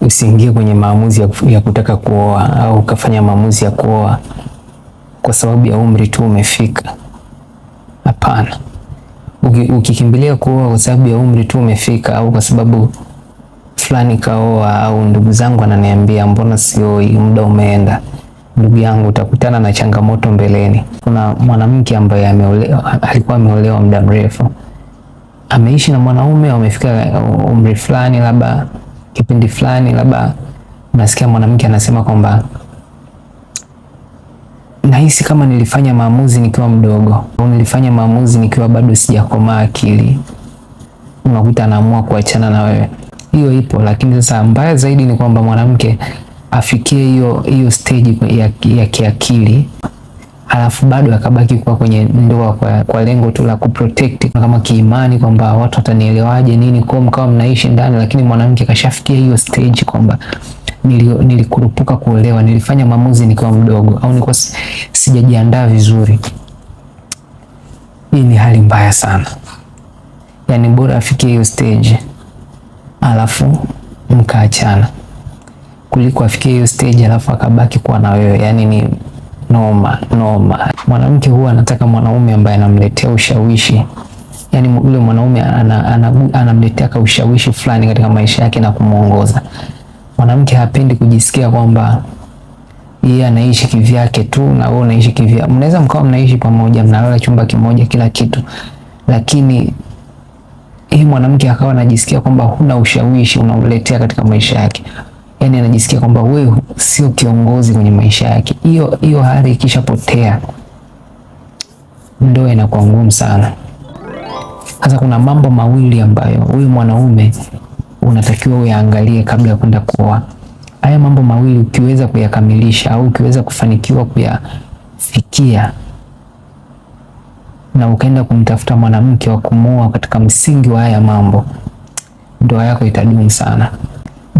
usiingie kwenye maamuzi ya, ya kutaka kuoa au ukafanya maamuzi ya kuoa kwa sababu ya umri tu umefika. Hapana, ukikimbilia kuoa kwa sababu ya umri tu umefika au kwa sababu fulani kaoa au ndugu zangu ananiambia mbona sioi, muda umeenda. Ndugu yangu, utakutana na changamoto mbeleni. Kuna mwanamke ambaye ameolewa, alikuwa ameolewa muda mrefu, ameishi na mwanaume, wamefika umri fulani labda kipindi fulani, labda unasikia mwanamke anasema kwamba nahisi kama nilifanya maamuzi nikiwa mdogo au nilifanya maamuzi nikiwa bado sijakomaa akili, unakuta anaamua kuachana na wewe. Hiyo ipo, lakini sasa mbaya zaidi ni kwamba mwanamke afikie hiyo hiyo stage ya, ya kiakili alafu bado akabaki kuwa kwenye ndoa kwa, kwa lengo tu la kuprotect kama kiimani kwamba watu watanielewaje nini, kwa mkawa mnaishi ndani, lakini mwanamke kashafikia hiyo stage kwamba nilikurupuka kuolewa, nilifanya maamuzi nikiwa mdogo, au nilikuwa sijajiandaa vizuri. Hii ni hali mbaya sana, yani bora afikie hiyo stage alafu mkaachana kuliko afikie hiyo stage alafu akabaki kuwa na wewe, yani ni noma noma. Mwanamke huwa anataka mwanaume ambaye anamletea ushawishi, yaani yule mwanaume anamletea ana ushawishi fulani katika maisha yake na kumwongoza. Mwanamke hapendi kujisikia kwamba yeye anaishi kivyake tu na wewe unaishi kivya. Mnaweza mkawa mnaishi pamoja, mnalala chumba kimoja, kila kitu, lakini hii mwanamke akawa anajisikia kwamba huna ushawishi unamletea katika maisha yake yani anajisikia kwamba wewe sio kiongozi kwenye maisha yake. Hiyo hiyo hali ikishapotea, ndoa inakuwa ngumu sana. Sasa kuna mambo mawili ambayo huyu mwanaume unatakiwa uyaangalie kabla ya kwenda kuoa. Haya mambo mawili ukiweza kuyakamilisha au ukiweza kufanikiwa kuyafikia na ukaenda kumtafuta mwanamke wa kumuoa katika msingi wa haya mambo, ndoa yako itadumu sana.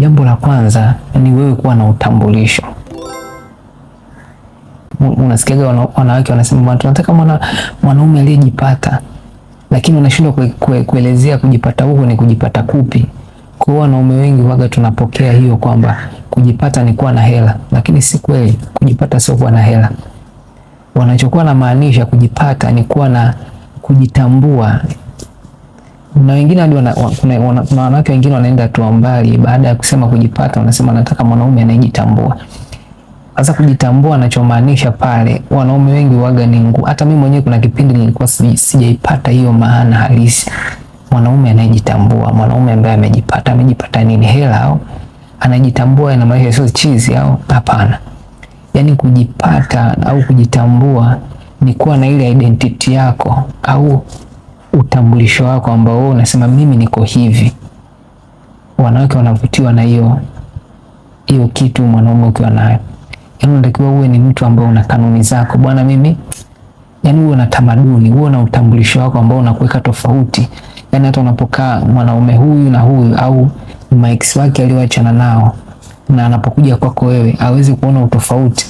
Jambo la kwanza ni wewe kuwa na utambulisho. Unasikiaga wanawake wanasema tunataka mwana mwanaume aliyejipata, lakini unashindwa kue, kue, kuelezea kujipata huko ni kujipata kupi. Kwa hiyo wanaume wengi waga tunapokea hiyo kwamba kujipata ni kuwa na hela, lakini si kweli. Kujipata sio kuwa na hela. Wanachokuwa na maanisha kujipata ni kuwa na kujitambua na wengine hadi wana, kuna wanawake wengine wanaenda tu mbali, baada ya kusema kujipata, wanasema nataka mwanaume anayejitambua. Sasa kujitambua, anachomaanisha pale, wanaume wengi waga ni ngumu. Hata mimi mwenyewe kuna kipindi nilikuwa sijaipata hiyo maana halisi. Mwanaume anayejitambua, mwanaume ambaye amejipata. Amejipata nini? Hela au anajitambua? Ina maana sio chizi au hapana? Yani kujipata au kujitambua ni kuwa na ile identity yako au utambulisho wako ambao wewe unasema mimi niko hivi. Wanawake wanavutiwa na hiyo hiyo kitu mwanaume ukiwa nayo. Yaani unatakiwa uwe ni mtu ambaye una kanuni zako. Bwana mimi yaani uwe na tamaduni, uwe na utambulisho wako ambao unakuweka tofauti. Yaani hata unapokaa mwanaume huyu na huyu au max wake aliyoachana nao na anapokuja kwako wewe aweze kuona utofauti,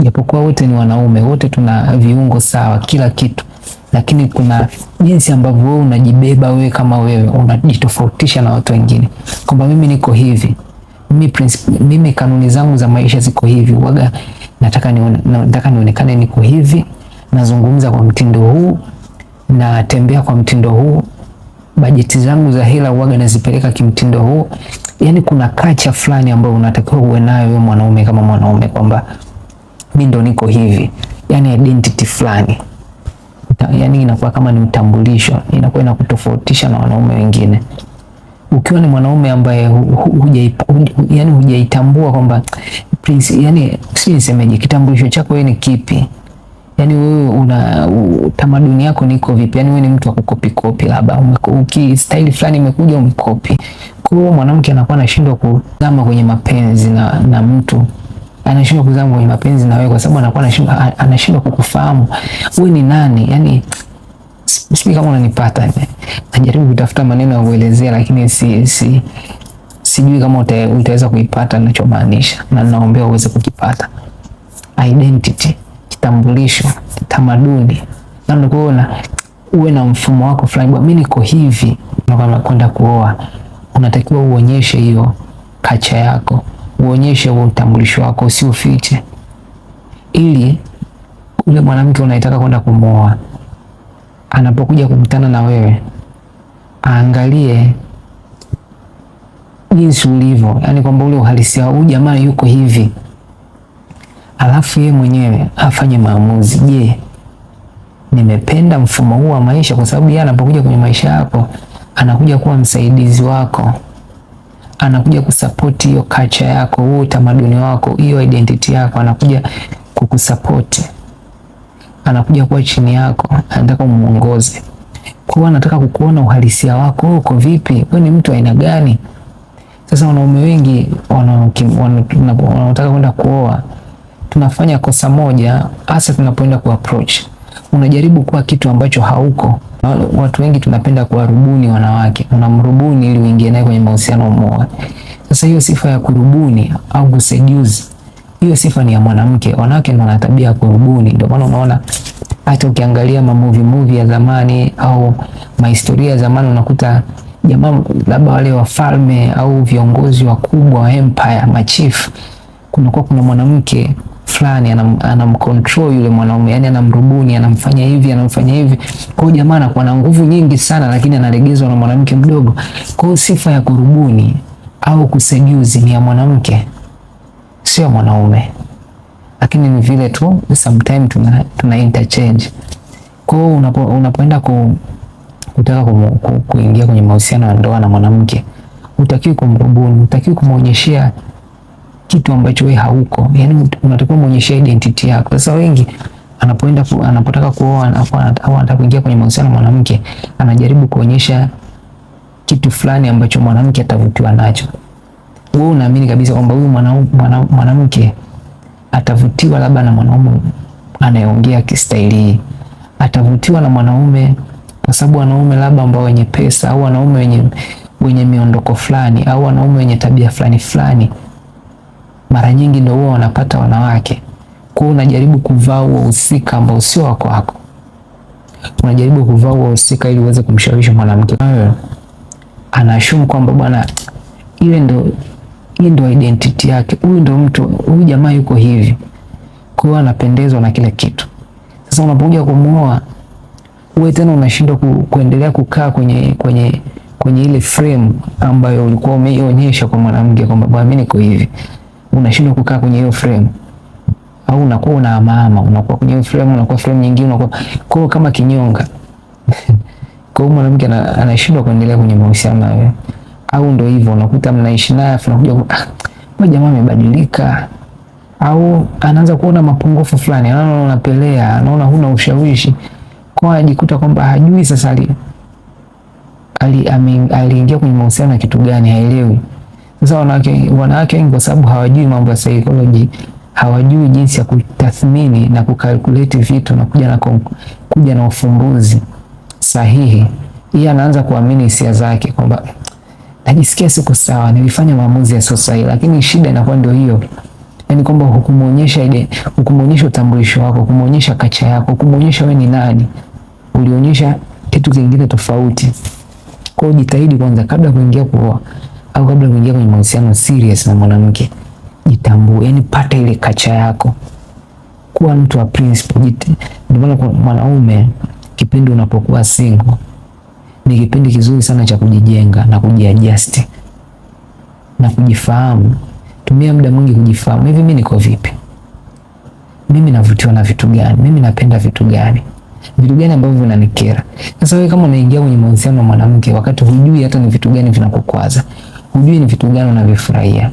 japokuwa wote ni wanaume, wote tuna viungo sawa, kila kitu lakini kuna jinsi ambavyo wewe unajibeba wewe kama wewe unajitofautisha na watu wengine, kwamba mimi niko hivi, mimi principle, mimi kanuni zangu za maisha ziko hivi, waga nataka ni, nataka nionekane niko hivi, nazungumza kwa mtindo huu, natembea kwa mtindo huu, bajeti zangu za hela waga nazipeleka kimtindo huu. Yani kuna kacha fulani ambayo unatakiwa uwe nayo wewe mwanaume kama mwanaume, kwamba mimi ndo niko hivi, yani identity fulani yani inakuwa kama ni mtambulisho inakuwa inakutofautisha na wanaume wengine. Ukiwa ni mwanaume ambaye yani hujaitambua kwamba yani, sijui nisemeje, kitambulisho chako wewe ni kipi? Yani wewe una tamaduni yako niko vipi? Yani wewe ni mtu wa kopi, labda ukistaili fulani imekuja umekopi. Kwa hiyo mwanamke anakuwa anashindwa kuzama kwenye mapenzi na, na mtu anashindwa kuzama kwenye mapenzi na wewe kwa sababu anakuwa anashindwa kukufahamu wewe ni nani. Yani sijui kama unanipata, najaribu kutafuta maneno ya kuelezea, lakini si, si, sijui kama utaweza kuipata ninachomaanisha, na ninaombea uweze kukipata. Identity, kitambulisho, tamaduni, na kuona uwe na mfumo wako fulani, bwana, mimi niko hivi. Unakwenda kuoa, unatakiwa uonyeshe hiyo kacha yako uonyeshe huo utambulisho wako, usiufiche, ili ule mwanamke unayetaka kwenda kumwoa anapokuja kukutana na wewe aangalie jinsi ulivyo, yaani kwamba ule uhalisia huu jamaa yuko hivi, alafu yeye mwenyewe afanye maamuzi. Je, nimependa mfumo huu wa maisha? Kwa sababu yeye anapokuja kwenye maisha yako anakuja kuwa msaidizi wako anakuja kusapoti hiyo kacha yako, huo utamaduni wako, hiyo identity yako, anakuja kukusapoti anakuja kuwa chini yako, anataka umuongoze. Kwa hiyo anataka kukuona uhalisia wako, uko vipi, wewe ni mtu aina gani? Sasa wanaume wengi wanaotaka kwenda kuoa tunafanya kosa moja, hasa tunapoenda ku approach unajaribu kuwa kitu ambacho hauko. Watu wengi tunapenda kuwarubuni wanawake, unamrubuni ili uingie naye kwenye mahusiano mmoja. Sasa hiyo sifa ya kurubuni au kuseduce, hiyo sifa ni ya mwanamke. Wanawake ndio wana tabia ya kurubuni, ndio maana unaona hata ukiangalia mamovie movie ya zamani au mahistoria ya zamani unakuta jamaa labda wale wafalme au viongozi wakubwa wa empire machifu, kunakuwa kuna mwanamke fulani anamcontrol anam yule mwanaume, yani anamrubuni, anamfanya hivi, anamfanya hivi. Kwa hiyo jamaa anakuwa na nguvu nyingi sana, lakini analegezwa na mwanamke mdogo. Kwa hiyo sifa ya kurubuni au kusejuzi ni ya mwanamke, sio mwanaume, lakini ni vile tu sometimes tuna, tuna interchange. Kwa hiyo unapo, unapoenda ku, kutaka kumu, ku, kuingia kwenye mahusiano ya ndoa na mwanamke, utakiwi kumrubuni, utakiwi kumwonyeshea kitu ambacho wewe hauko, yani unatakiwa muonyeshe identity yako. Sasa wengi anapoenda ku, anapotaka kuoa au anataka kuingia kwenye mahusiano na mwanamke, anajaribu kuonyesha kitu fulani ambacho mwanamke atavutiwa nacho. Wewe unaamini kabisa kwamba huyu mwanamke atavutiwa labda na mwanaume anayeongea kistaili, atavutiwa na mwanaume kwa sababu wanaume labda ambao wenye pesa au wanaume wenye wenye miondoko fulani au wanaume wenye tabia fulani fulani mara nyingi ndio huwa wanapata wanawake. Kwa hiyo unajaribu kuvaa huo husika ambao sio wako wako, unajaribu kuvaa huo husika ili uweze kumshawishi mwanamke. wewe, anashumu kwamba bwana, ile ndio hii ndio identity yake, huyu ndio mtu, huyu jamaa yuko hivi, kwa hiyo anapendezwa na kila kitu. Sasa unapokuja kumuoa wewe tena unashindwa ku, kuendelea kukaa kwenye kwenye kwenye ile frame ambayo ulikuwa umeionyesha kwa mwanamke kwamba bwana mimi niko hivi unashindwa kukaa kwenye hiyo frame au unakuwa una mama unakuwa kwenye hiyo frame, unakuwa frame nyingine, unakuwa kwa kama kinyonga kwa hiyo mwanamke anashindwa kuendelea kwenye mahusiano na wewe, au ndio hivyo unakuta mnaishi naye afu unakuja ah, jamaa amebadilika, au anaanza kuona mapungufu fulani, anaona unapelea, anaona huna ushawishi, kwa anajikuta kwamba hajui sasa ali aliingia ali kwenye mahusiano na kitu gani, haelewi. Sasa wanawake wanawake wengi kwa sababu hawajui mambo ya psychology, hawajui jinsi ya kutathmini na kukalkulate vitu na kuja na kuja na ufumbuzi sahihi. Yeye anaanza kuamini hisia zake kwamba najisikia siko sawa, nilifanya maamuzi yasiyo sahihi, lakini shida inakuwa ndio hiyo yani kwamba hukumuonyesha ile hukumuonyesha utambulisho wako, hukumuonyesha kacha yako, hukumuonyesha wewe ni nani, ulionyesha kitu kingine tofauti. Kwa hiyo jitahidi kwanza kabla kuingia kuoa au kabla kuingia kwenye mahusiano serious na mwanamke, jitambue, yani pata ile kacha yako, kuwa mtu wa principle. Ndio maana kwa mwanaume kipindi unapokuwa single ni kipindi kizuri sana cha kujijenga na kujiadjust na kujifahamu. Tumia muda mwingi kujifahamu, hivi mimi niko vipi? Mimi navutiwa na vitu gani? Mimi napenda vitu gani? Vitu gani ambavyo vinanikera? Sasa wewe kama unaingia kwenye mahusiano na mwanamke wakati hujui hata ni vitu gani vinakukwaza hujui ni vitu gani unavifurahia.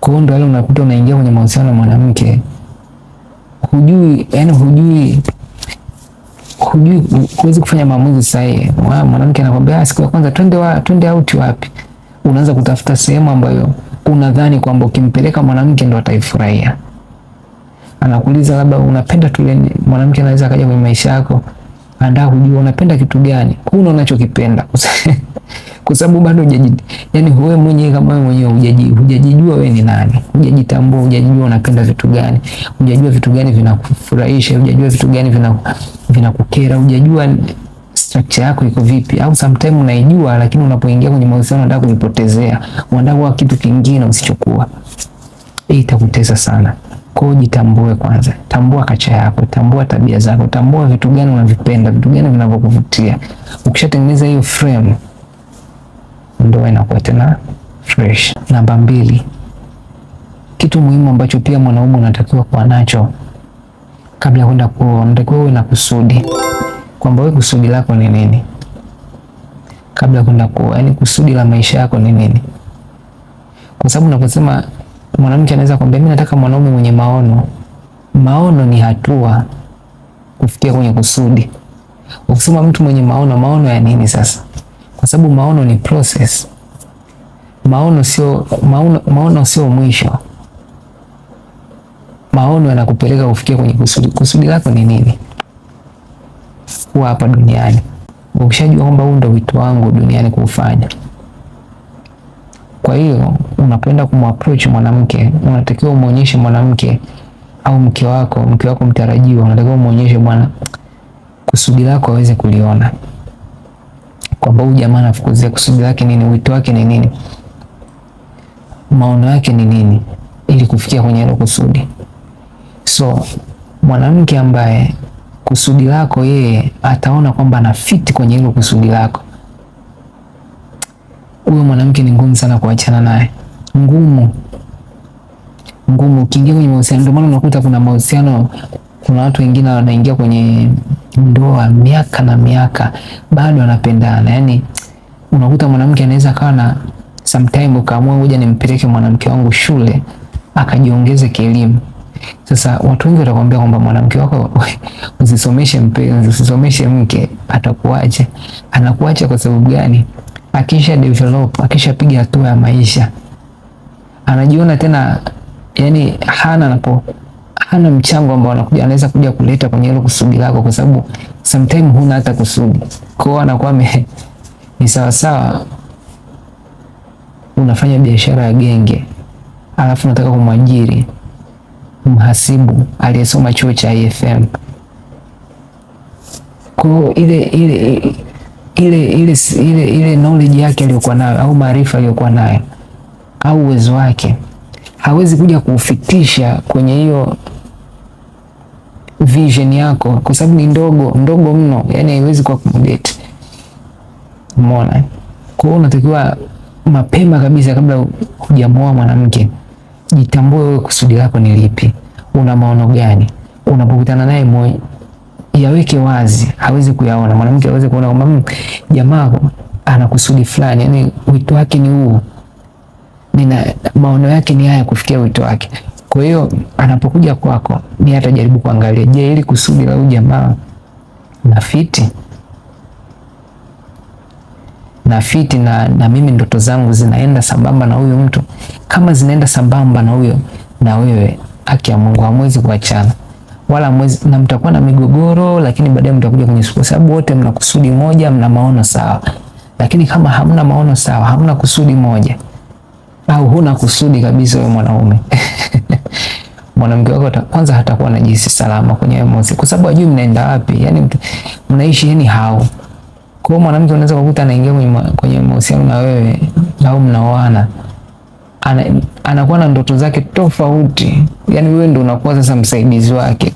Kwa hiyo ndio wale unakuta unaingia kwenye mahusiano na mwanamke hujui, yani hujui hujui huwezi kufanya maamuzi sahihi. Mwanamke anakwambia ah, siku ya kwanza twende wa, twende out wapi? Unaanza kutafuta sehemu ambayo unadhani kwamba ukimpeleka mwanamke ndo ataifurahia. Anakuuliza labda unapenda tule, mwanamke anaweza akaja kwenye maisha yako andaa kujua unapenda kitu gani, huna unachokipenda kwa sababu bado hujaji, yani wewe mwenyewe kama wewe mwenyewe hujaji, hujajijua wewe ni nani, hujajitambua, hujajijua unapenda vitu gani, hujajua vitu gani vinakufurahisha, hujajua vitu gani vinakukera, hujajua structure yako iko vipi, au sometimes unaijua lakini unapoingia kwenye mahusiano unataka kujipotezea, unataka kitu kingine usichokuwa. Hii itakutesa sana. Kwa hiyo jitambue kwanza, tambua kacha yako, tambua tabia zako, tambua vitu gani unavipenda, vitu gani vinavyokuvutia. Ukishatengeneza hiyo frame, ndoa inakuwa tena fresh. Namba mbili, kitu muhimu ambacho pia mwanaume unatakiwa kuwa nacho kabla ya kwenda kuoa, unatakiwa uwe na kusudi, kwamba wewe kusudi lako ni nini kabla ya kwenda kuoa, yani kusudi la maisha yako ni nini, kwa sababu unaposema Mwanamke anaweza kumwambia mimi nataka mwanaume mwenye maono. Maono ni hatua kufikia kwenye kusudi. Ukisema mtu mwenye maono, maono ya nini sasa? Kwa sababu maono ni process. Maono sio maono, maono sio mwisho. Maono yanakupeleka kufikia kwenye kusudi. Kusudi lako ni nini? Kuwa hapa duniani. Ukishajua kwamba huu ndio wito wangu duniani kuufanya kwa hiyo unapenda kumapproach mwanamke, unatakiwa umwonyeshe mwanamke au mke wako, mke wako mtarajiwa, unatakiwa umwonyeshe bwana, kusudi lako aweze kuliona kwamba huyu jamaa anafukuzia kusudi lake nini, wito wake ni nini, maono yake ni nini, ili kufikia kwenye hilo kusudi. So mwanamke ambaye kusudi lako yeye ataona kwamba anafiti kwenye hilo kusudi lako huyo mwanamke ni ngumu sana kuachana naye, ngumu ngumu. Ukiingia kwenye mahusiano, ndio maana unakuta kuna mahusiano, kuna watu wengine wanaingia kwenye ndoa miaka na miaka bado wanapendana. Yani unakuta mwanamke anaweza kawa na sometime, ukaamua ngoja nimpeleke mwanamke wangu shule akajiongeze kielimu. Sasa watu wengi watakwambia kwamba mwanamke wako usisomeshe mpenzi, usisomeshe mke, atakuacha. Anakuacha kwa sababu gani? akisha develop, akisha piga hatua ya maisha, anajiona tena yani hana napo hana mchango ambao anakuja anaweza kuja kuleta kwenye hilo kusudi lako, kwa sababu sometimes huna hata kusudi. Kwao anakuwa ni sawa sawa unafanya biashara ya genge, alafu unataka kumwajiri mhasibu aliyesoma chuo cha IFM. Kwao ile ile ile, ile, ile, ile knowledge yake aliyokuwa nayo au maarifa aliyokuwa nayo au uwezo wake hawezi kuja kuufitisha kwenye hiyo vision yako kwa sababu ni ndogo ndogo mno, yani haiwezi ku accommodate. Umeona? Kwa hiyo unatakiwa mapema kabisa, kabla hujamoa mwanamke, jitambue wewe kusudi lako ni lipi, una maono gani, unapokutana naye yaweke wazi, aweze kuyaona, mwanamke aweze kuona kwamba hmm, jamaa ana kusudi fulani, yani wito wake ni huu, nina maono yake ni haya kufikia wito wake. Kwa hiyo anapokuja kwako ni atajaribu kuangalia, je, ili kusudi la huyu jamaa na fiti na fiti na, na mimi ndoto zangu zinaenda sambamba na huyo mtu. Kama zinaenda sambamba na huyo na wewe, haki ya Mungu hamwezi kuachana wala mwezi, na mtakuwa na migogoro, lakini baadaye mtakuja kwenye siku, sababu wote mna kusudi moja, mna maono sawa. Lakini kama hamna maono sawa, hamna kusudi moja, au huna kusudi kabisa wewe mwanaume mwanamke wako kwanza hatakuwa anajihisi salama kwenye mwezi, kwa sababu ajui mnaenda wapi, yani mnaishi yani hao. Kwa hiyo mwanamke unaweza kukuta anaingia kwenye mahusiano na wewe au mnaoana ana, anakuwa na ndoto zake tofauti, yani wewe ndo unakuwa sasa msaidizi wake.